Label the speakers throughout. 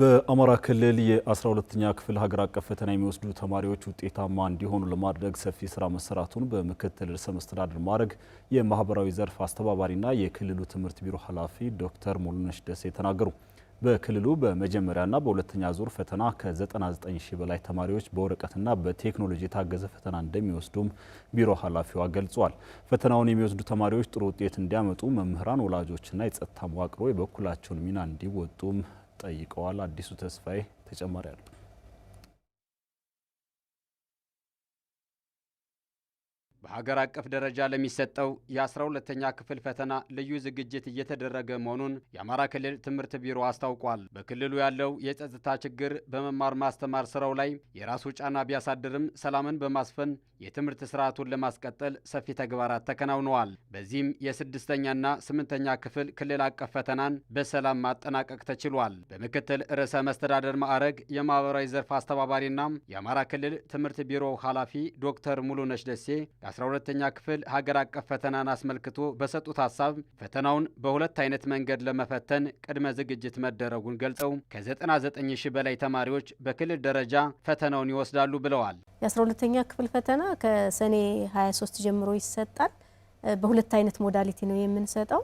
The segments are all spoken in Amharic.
Speaker 1: በአማራ ክልል የ12ኛ ክፍል ሀገር አቀፍ ፈተና የሚወስዱ ተማሪዎች ውጤታማ እንዲሆኑ ለማድረግ ሰፊ ስራ መሰራቱን በምክትል ርዕሰ መስተዳድር ማዕረግ የማህበራዊ ዘርፍ አስተባባሪና የክልሉ ትምህርት ቢሮ ኃላፊ ዶክተር ሙሉነሽ ደሴ ተናገሩ። በክልሉ በመጀመሪያና በሁለተኛ ዙር ፈተና ከ99 ሺ በላይ ተማሪዎች በወረቀትና በቴክኖሎጂ የታገዘ ፈተና እንደሚወስዱም ቢሮ ኃላፊዋ ገልጿል። ፈተናውን የሚወስዱ ተማሪዎች ጥሩ ውጤት እንዲያመጡ መምህራን፣ ወላጆችና የጸጥታ መዋቅሮ የበኩላቸውን ሚና እንዲወጡም ጠይቀዋል። አዲሱ ተስፋዬ ተጨማሪ አለው። በሀገር አቀፍ ደረጃ ለሚሰጠው የ ሁለተኛ ክፍል ፈተና ልዩ ዝግጅት እየተደረገ መሆኑን የአማራ ክልል ትምህርት ቢሮ አስታውቋል። በክልሉ ያለው የጸጥታ ችግር በመማር ማስተማር ስራው ላይ የራሱ ጫና ቢያሳድርም ሰላምን በማስፈን የትምህርት ስርዓቱን ለማስቀጠል ሰፊ ተግባራት ተከናውነዋል። በዚህም የስድስተኛና ስምንተኛ ክፍል ክልል አቀፍ ፈተናን በሰላም ማጠናቀቅ ተችሏል። በምክትል ርዕሰ መስተዳደር ማዕረግ የማህበራዊ ዘርፍ አስተባባሪና የአማራ ክልል ትምህርት ቢሮ ኃላፊ ዶክተር ሙሉነሽ ደሴ የ12ተኛ ክፍል ሀገር አቀፍ ፈተናን አስመልክቶ በሰጡት ሀሳብ ፈተናውን በሁለት አይነት መንገድ ለመፈተን ቅድመ ዝግጅት መደረጉን ገልጸው ከ99 ሺህ በላይ ተማሪዎች በክልል ደረጃ ፈተናውን ይወስዳሉ ብለዋል።
Speaker 2: የ12ተኛ ክፍል ፈተና ከሰኔ 23 ጀምሮ ይሰጣል። በሁለት አይነት ሞዳሊቲ ነው የምንሰጠው።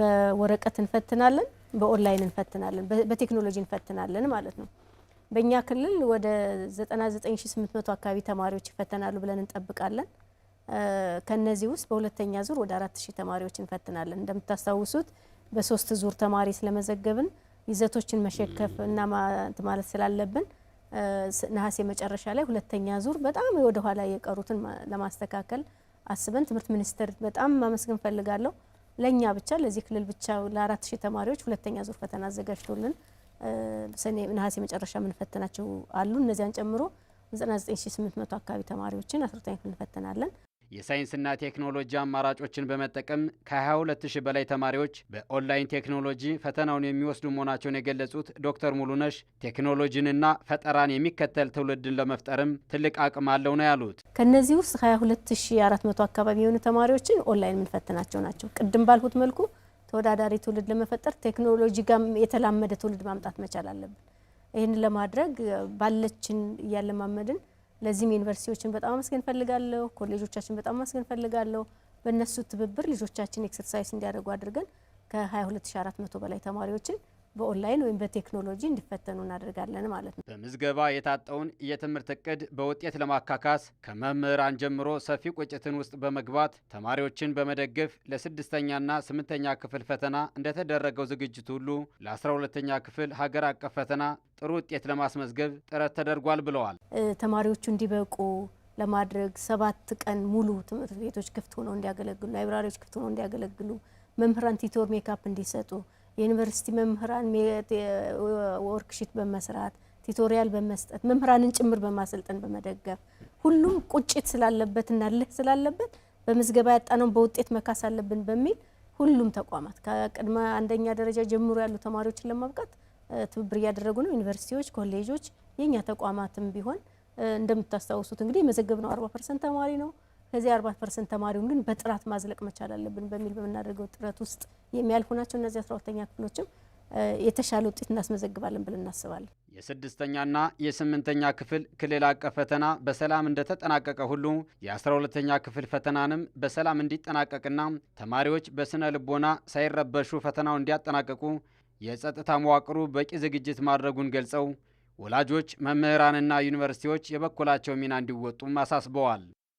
Speaker 2: በወረቀት እንፈትናለን፣ በኦንላይን እንፈትናለን፣ በቴክኖሎጂ እንፈትናለን ማለት ነው። በእኛ ክልል ወደ 99800 አካባቢ ተማሪዎች ይፈተናሉ ብለን እንጠብቃለን። ከነዚህ ውስጥ በሁለተኛ ዙር ወደ አራት ሺህ ተማሪዎች እንፈትናለን። እንደምታስታውሱት በሶስት ዙር ተማሪ ስለመዘገብን ይዘቶችን መሸከፍ እና ማለት ስላለብን ነሐሴ መጨረሻ ላይ ሁለተኛ ዙር በጣም ወደ ኋላ የቀሩትን ለማስተካከል አስበን ትምህርት ሚኒስቴር በጣም ማመስገን ፈልጋለሁ። ለእኛ ብቻ ለዚህ ክልል ብቻ ለአራት ሺህ ተማሪዎች ሁለተኛ ዙር ፈተና አዘጋጅቶልን ሰኔ ነሐሴ መጨረሻ የምንፈትናቸው አሉ። እነዚያን ጨምሮ 99800 አካባቢ ተማሪዎችን አስርተኛ እንፈትናለን።
Speaker 1: የሳይንስና ቴክኖሎጂ አማራጮችን በመጠቀም ከ22 ሺህ በላይ ተማሪዎች በኦንላይን ቴክኖሎጂ ፈተናውን የሚወስዱ መሆናቸውን የገለጹት ዶክተር ሙሉነሽ ቴክኖሎጂንና ፈጠራን የሚከተል ትውልድን ለመፍጠርም ትልቅ አቅም አለው ነው ያሉት።
Speaker 2: ከነዚህ ውስጥ 22400 አካባቢ የሆኑ ተማሪዎችን ኦንላይን የምንፈትናቸው ናቸው። ቅድም ባልሁት መልኩ ተወዳዳሪ ትውልድ ለመፈጠር ቴክኖሎጂ ጋር የተላመደ ትውልድ ማምጣት መቻል አለብን። ይህን ለማድረግ ባለችን እያለማመድን ለዚህም ዩኒቨርሲቲዎችን በጣም አመስገን ፈልጋለሁ። ኮሌጆቻችን በጣም አመስገን ፈልጋለሁ። በእነሱ ትብብር ልጆቻችን ኤክሰርሳይዝ እንዲያደርጉ አድርገን ከ22400 በላይ ተማሪዎችን በኦንላይን ወይም በቴክኖሎጂ እንዲፈተኑ እናደርጋለን ማለት ነው።
Speaker 1: በምዝገባ የታጠውን የትምህርት እቅድ በውጤት ለማካካስ ከመምህራን ጀምሮ ሰፊ ቁጭትን ውስጥ በመግባት ተማሪዎችን በመደገፍ ለስድስተኛና ስምንተኛ ክፍል ፈተና እንደተደረገው ዝግጅት ሁሉ ለአስራ ሁለተኛ ክፍል ሀገር አቀፍ ፈተና ጥሩ ውጤት ለማስመዝገብ ጥረት ተደርጓል ብለዋል።
Speaker 2: ተማሪዎቹ እንዲበቁ ለማድረግ ሰባት ቀን ሙሉ ትምህርት ቤቶች ክፍት ሆነው እንዲያገለግሉ፣ ላይብራሪዎች ክፍት ሆነው እንዲያገለግሉ፣ መምህራን ቲቶር ሜካፕ እንዲሰጡ የዩኒቨርሲቲ መምህራን ወርክሺት በመስራት ቲቶሪያል በመስጠት መምህራንን ጭምር በማሰልጠን በመደገፍ ሁሉም ቁጭት ስላለበትና ልህ ስላለበት በምዝገባ ያጣነውን በውጤት መካስ አለብን በሚል ሁሉም ተቋማት ከቅድመ አንደኛ ደረጃ ጀምሮ ያሉ ተማሪዎችን ለማብቃት ትብብር እያደረጉ ነው። ዩኒቨርሲቲዎች፣ ኮሌጆች፣ የእኛ ተቋማትም ቢሆን እንደምታስታውሱት እንግዲህ የመዘገብነው አርባ ፐርሰንት ተማሪ ነው። ከዚህ 40 ፐርሰንት ተማሪውን ግን በጥራት ማዝለቅ መቻል አለብን በሚል በምናደርገው ጥረት ውስጥ የሚያልፉ ናቸው። እነዚህ 12ተኛ ክፍሎችም የተሻለ ውጤት እናስመዘግባለን ብለን እናስባለን።
Speaker 1: የስድስተኛና የስምንተኛ ክፍል ክልል አቀፍ ፈተና በሰላም እንደተጠናቀቀ ሁሉ የአስራ ሁለተኛ ክፍል ፈተናንም በሰላም እንዲጠናቀቅና ተማሪዎች በስነ ልቦና ሳይረበሹ ፈተናው እንዲያጠናቀቁ የጸጥታ መዋቅሩ በቂ ዝግጅት ማድረጉን ገልጸው ወላጆች፣ መምህራንና ዩኒቨርሲቲዎች የበኩላቸው ሚና እንዲወጡም አሳስበዋል።